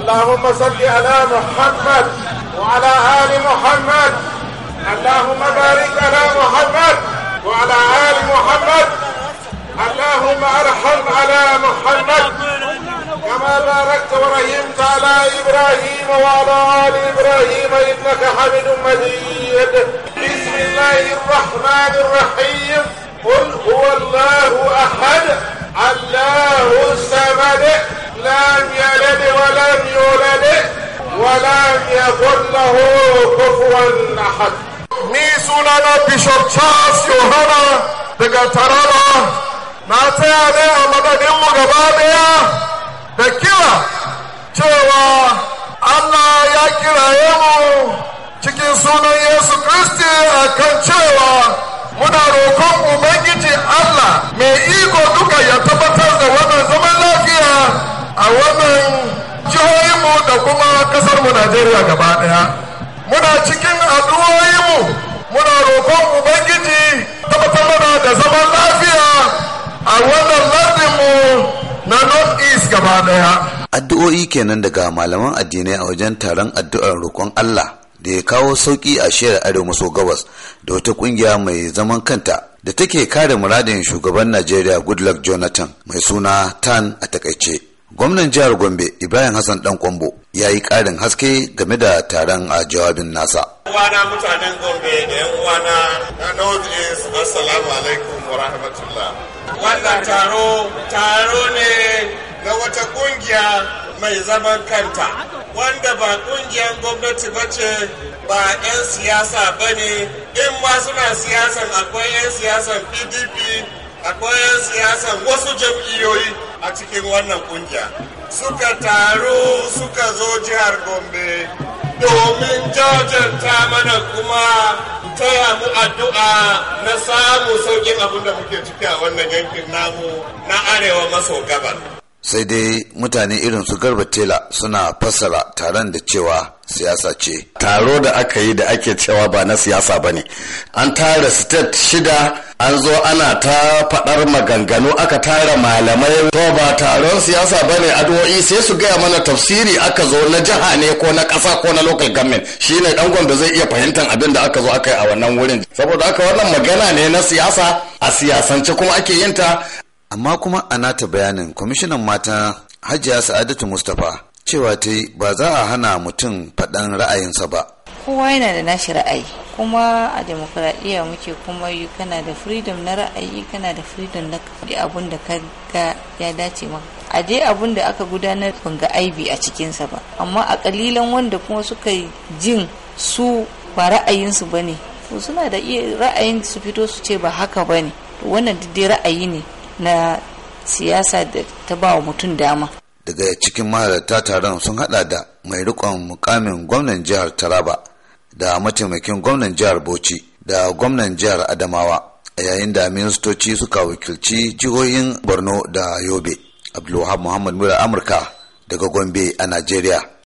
اللهم صل على محمد وعلى آل محمد اللهم بارك على محمد وعلى آل محمد اللهم ارحم على محمد كما باركت ورحمت على إبراهيم وعلى آل إبراهيم إنك حميد مجيد ni sunana bishop charles yohana daga taraba na tsaya ne a madadinmu gaba daya da kira cewa allah ya kiraye mu cikin sunan yesu kristi a kan cewa muna roƙon ubangiji allah mai iko duka ya tabbatar da wannan zaman lafiya a wannan jihohinmu da kuma ƙasarmu najeriya gaba ɗaya muna cikin addu'o'inmu muna roƙon ubangiji tabbatar mana da zaman lafiya a wannan lardinmu na north east gaba daya addu'o'i kenan daga malaman addinai a wajen taron addu'ar roƙon allah da ya kawo sauƙi a shirya arewa maso gabas da wata ƙungiya mai zaman kanta da take kare muradin shugaban najeriya goodluck jonathan mai suna tan a takaice gwamnan jihar gombe ibrahim hassan dan kwambo ya yi ƙarin haske game da taron a jawabin nasa uwana mutanen gombe da yan uwana na north east assalamu alaikum wa rahmatullah wannan taro taro ne na wata ƙungiya mai zaman kanta wanda ba ƙungiyar gwamnati ba ce ba 'yan siyasa ba ne in ma suna siyasan akwai 'yan siyasan pdp akwai siyasan wasu jam'iyyoyi a cikin wannan kungiya suka taru suka zo jihar gombe domin jajanta mana kuma taya mu addu'a na samu saukin abin da muke ciki a wannan yankin namu na arewa maso gabas sai dai mutane irin su garba tela suna fassara taron da cewa siyasa ce taro da aka yi da ake cewa ba na siyasa ba ne an tara state shida an zo ana ta faɗar maganganu aka tara malamai to ba taron siyasa ba ne addu'o'i sai su gaya mana tafsiri aka zo na jiha ne ko na ƙasa ko na local government shine dan gwamnati zai iya fahimtar abin da aka zo aka yi a wannan wurin saboda aka wannan magana ne na siyasa a siyasance kuma ake yin ta amma kuma a nata bayanin kwamishinan mata hajiya sa'adatu mustapha cewa ta ba za a hana mutum faɗan ra'ayinsa ba kowa yana da nashi ra'ayi kuma a demokradiyya muke kuma yi kana da freedom na ra'ayi kana da freedom na kaɗi abin da ka ga ya dace ma. a dai abun da aka gudanar ban ga aibi a cikinsa ba amma a kalilan wanda kuma suka jin su ba ra'ayinsu ba ne suna da iya ra'ayin su fito su ce ba haka ba ne wannan dai ra'ayi ne na siyasa da ta ba wa mutum dama daga cikin mahalarta taron sun hada da mai rikon mukamin gwamnan jihar taraba da mataimakin gwamnan jihar Bauchi da gwamnan jihar Adamawa a yayin da ministoci suka wakilci jihohin Borno da Yobe. Abdulwahab Muhammad Mura Amurka daga Gombe a Najeriya.